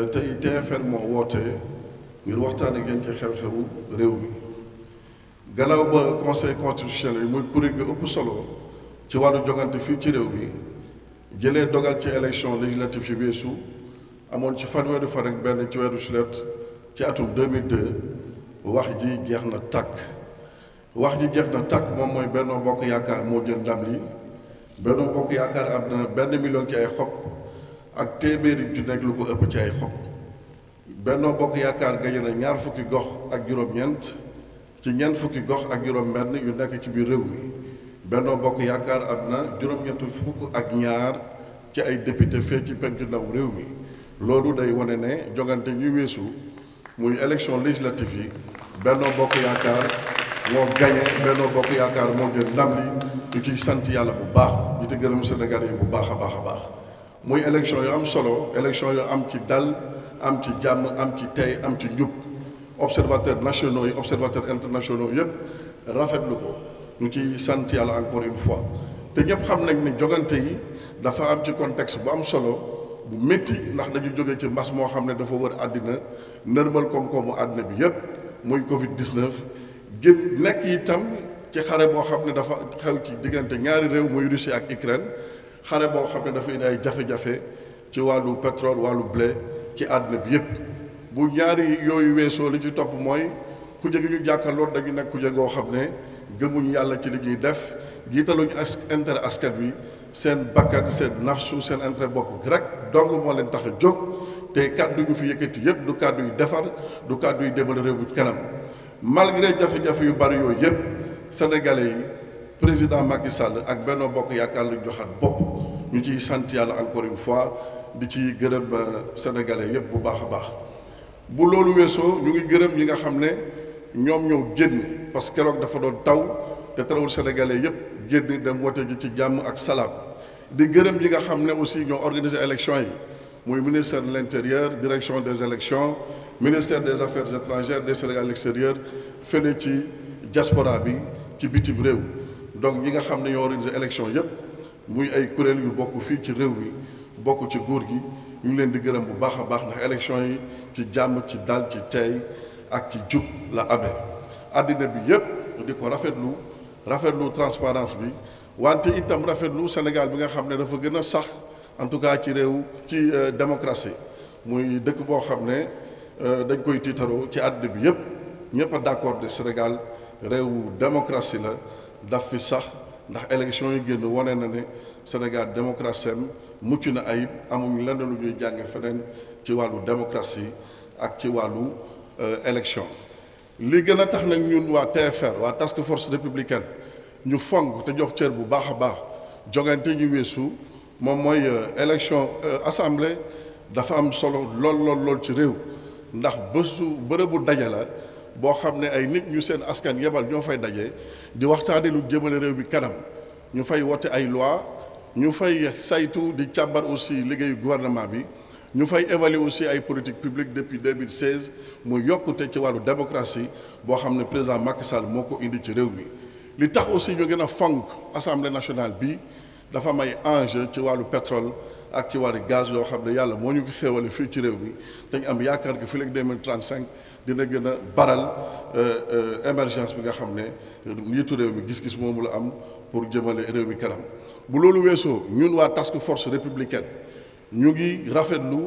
Euh, tey TFR moo wootee ngir waxtaan ak yéen ci xew-xewu réew mi gannaaw ba conseil constitutionnel muy kuréel bi ëpp solo ci wàllu jogante fii ci réew bi jëlee dogal ci élection législative yi weesu amoon ci fanweeri fan ak benn ci weeru sulet ci atum 2002 wax ji jeex na takk wax ji jeex na tàkk moom mooy Benno Bokk Yaakaar moo jël ndam li Benno Bokk Yaakaar am na benn million ci ay xob ak téeméeri junni ak lu ko ëpp ci ay xob Benno Bokk Yaakaar gañe na ñaar fukki gox ak juróom-ñeent ci ñeent fukki gox ak juróom-benn yu nekk ci biir réew mi Benno Bokk Yaakaar am na juróom-ñett fukk ak ñaar ci ay député fee ci penku ndaw réew mi loolu day wane ne jogante ñuy weesu muy élection législative yi Benno Bokk Yaakaar moo gañe Benno Bokk Yaakaar moo gën ndam li ñu ciy sant yàlla bu baax di te mu Sénégalais yi bu baax a baax a baax muy élection yu am solo élection yu am ci dal am ci jàmm am ci tey am ci njub observateurs nationaux yi observateurs internationaux yëpp rafetlu ko ñu ci sant yàlla encore une fois te ñëpp xam nañ ni jogante yi dafa am ci contexte bu am solo bu métti ndax dañu jóge ci mbas moo xam ne dafa wër àddina nërmal koom-koomu àddina bi yëpp muy Covid 19 gën nekk itam ci xare boo xam ne dafa xew ci diggante ñaari réew muy Russie ak Ukraine. xare boo xam ne dafay indi ay jafe-jafe ci wàllu pétrole wàllu blé ci àdduna bi yëpp bu ñaari yooyu weesoo li ci topp mooy ku jege ñu jàkkaarloo dañu nekk ku goo xam ne gëmuñu yàlla ci li ñuy def jiitaluñu as intérêt askan bi seen bakkan seen nafsu seen intre bopp rek dong moo leen tax a jóg te kàddu ñu fi yëkkati yëpp du kàddu yu defar du kàddu yu demal réew mi kanam malgré jafe-jafe yu bari yooyu yëpp sénégalais yi président Macky Sall ak Benno Bokk Yaakaar lañ joxaat ñu ciy sant yàlla encore une fois di ci gërëm euh, sénégalais yëpp bu baax a baax bu loolu weesoo ñu ngi gërëm ñi nga xam ne ñoom ñëw génn parce que keroog dafa doon taw te tarawul sénégalais yëpp génn dem wote ji ci jàmm ak salaam di gërëm ñi nga xam ne aussi ñoo organisé élection yi muy ministère de l' intérieur direction des élections ministère des affaires étrangères des Sénégal à l'extérieur ci diaspora bi ci bitim réew donc ñi nga xam ne ñoo organisé élection yëpp. muy ay kuréel yu bokk fii ci réew mi bokk ci góor gi ñu ngi leen di gërëm bu baax a baax ndax élection yi ci jàmm ci dal ci tey ak ci jub la amee àddina bi yépp di ko rafetlu rafetlu transparence bi wante itam rafetlu Sénégal bi nga xam ne dafa gën a sax en tout cas ci réew ci euh, démocratie muy dëkk boo xam ne euh, dañ koy tiitaroo ci àddina bi yépp ñépp a d'accord de Sénégal réewu démocratie la daf fi sax ndax élection yi génn wane na ne Sénégal démocratie mucc na ayib amuñ lenn lu ñuy jàng feneen ci wàllu démocratie ak ci wàllu euh, élection li gën a tax nag ñun waa TFR waa task force républicaine ñu fonk te jox cër bu baax a baax jogante ñu weesu moom mooy euh, élection euh, assemblée dafa am solo lool lool ci réew ndax bésu bërëbu daje la boo xam ne ay nit ñu seen askan yebal ñoo fay daje di waxtaane lu jëmale réew bi kanam ñu fay wote ay loi ñu fay saytu di càmbar aussi liggéeyu gouvernement bi ñu fay évaluer aussi ay politique publique depuis 2016 mu yokkute ci wàllu démocratie boo xam ne président Macky moo ko indi ci réew mi li tax aussi ñu gën a fonk assemblée nationale bi dafa may enjeu ci wàllu pétrole ak ci wàllu gaz yoo xam ne yàlla moo ñu ko xéewale fii ci réew mi dañ am yaakaar que fii léegi cinq dina gën a baral euh, euh, émergence bi nga xam ne njiitu réew mi gis-gis moomu la am pour jëmale réew mi kanam bu loolu weesoo ñun waa task force républicaine ñu ngi rafet rafetlu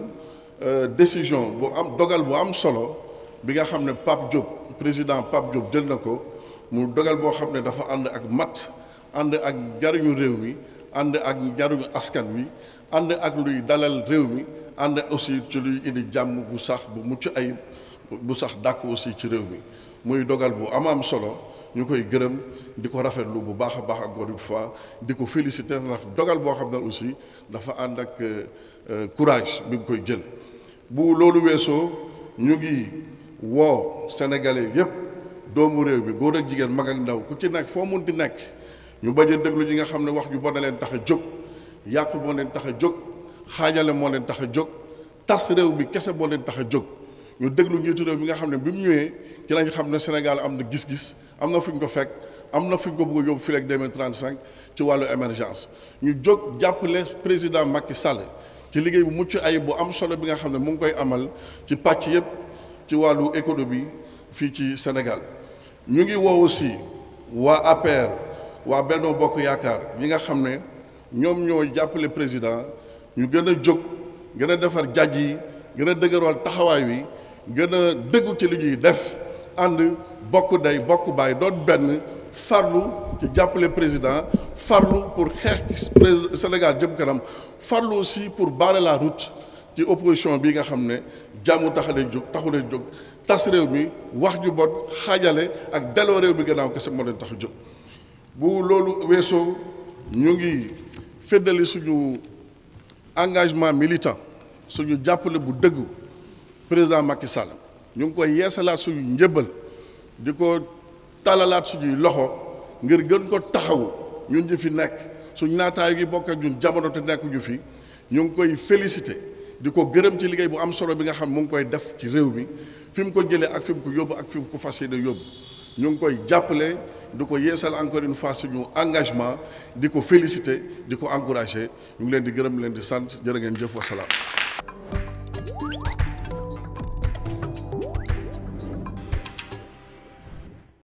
euh, décision bu am dogal bu am solo bi nga xam ne Pape Diop président Pape Diop jël na ko mu dogal boo xam ne dafa ànd ak matt ànd ak njariñu réew mi ànd ak njariñu askan wi ànd ak luy dalal réew mi ànd aussi ci luy indi jàmm bu sax bu mucc ay bu sax dàkk aussi ci réew bi muy dogal bu am am solo ñu koy gërëm di ko rafetlu bu baax a baax encore une fois di ko féliciter ndax dogal boo xam na aussi dafa ànd ak euh, euh, courage bi mu koy jël bu loolu weesoo ñu ngi woo sénégalais yépp doomu réew bi góor ak jigéen mag ak ndaw ku ci nekk foo mun di nekk ñu bañ a déglu ñi nga xam ne wax ju bon na leen tax a jóg yàqu moo leen tax a jóg xaajale moo leen tax a jóg tas réew mi kese moo leen tax a jóg ñu déglu njiitu réew mi nga xam ne bi mu ñëwee ci lañ xam ne Sénégal am na gis-gis am na fu ñu ko fekk am na fu ñu ko bëgg a yóbbu fii ak 2035 ci wàllu émergence ñu jóg jàppale président mag Macky Sall ci liggéey bu mucc ay bu am solo bi nga xam ne mu ngi koy amal ci pàcc yëpp ci wàllu économie fii ci Sénégal ñu ngi woo aussi waa APR waa Benno Bokk Yaakaar ñi nga xam ne. ñoom ñoo jàppale président ñu gën a jóg gën a defar jaj yi gën a dëgëral taxawaay wi gën a dëggu ci li ñuy def ànd bokk day bokk baay doon benn farlu ci jàppale président farlu pour xeex Sénégal jëm kanam farlu aussi pour barrer la route ci opposition bi nga xam ne jàmmu tax leen jóg taxu jóg tas réew mi wax ju bon xaajale ak delloo réew mi gannaaw kese moo leen tax a jóg bu loolu weesoo ñu ngi. feddali suñu engagement militant suñu jàppale bu dëggu président Macky Sall ñu ngi koy yeesalaat suñu njëbal di ko tàllalaat suñuy loxo ngir gën ko taxawu ñun ñu fi nekk suñu naataay gi bokk ak ñun jamono te nekk ñu fi ñu ngi koy félicité di ko gërëm ci liggéey bu am solo bi nga xam mu ngi koy def ci réew mi fi mu ko jëlee ak fi mu ko yóbbu ak fi mu ko fas yéene yóbbu ñu ngi koy jàppale. di ko yeesal encore une fois suñu engagement di ko féliciter di ko encourager ñu ngi leen di gërëm leen di sant jërë ngeen jëf wasalaam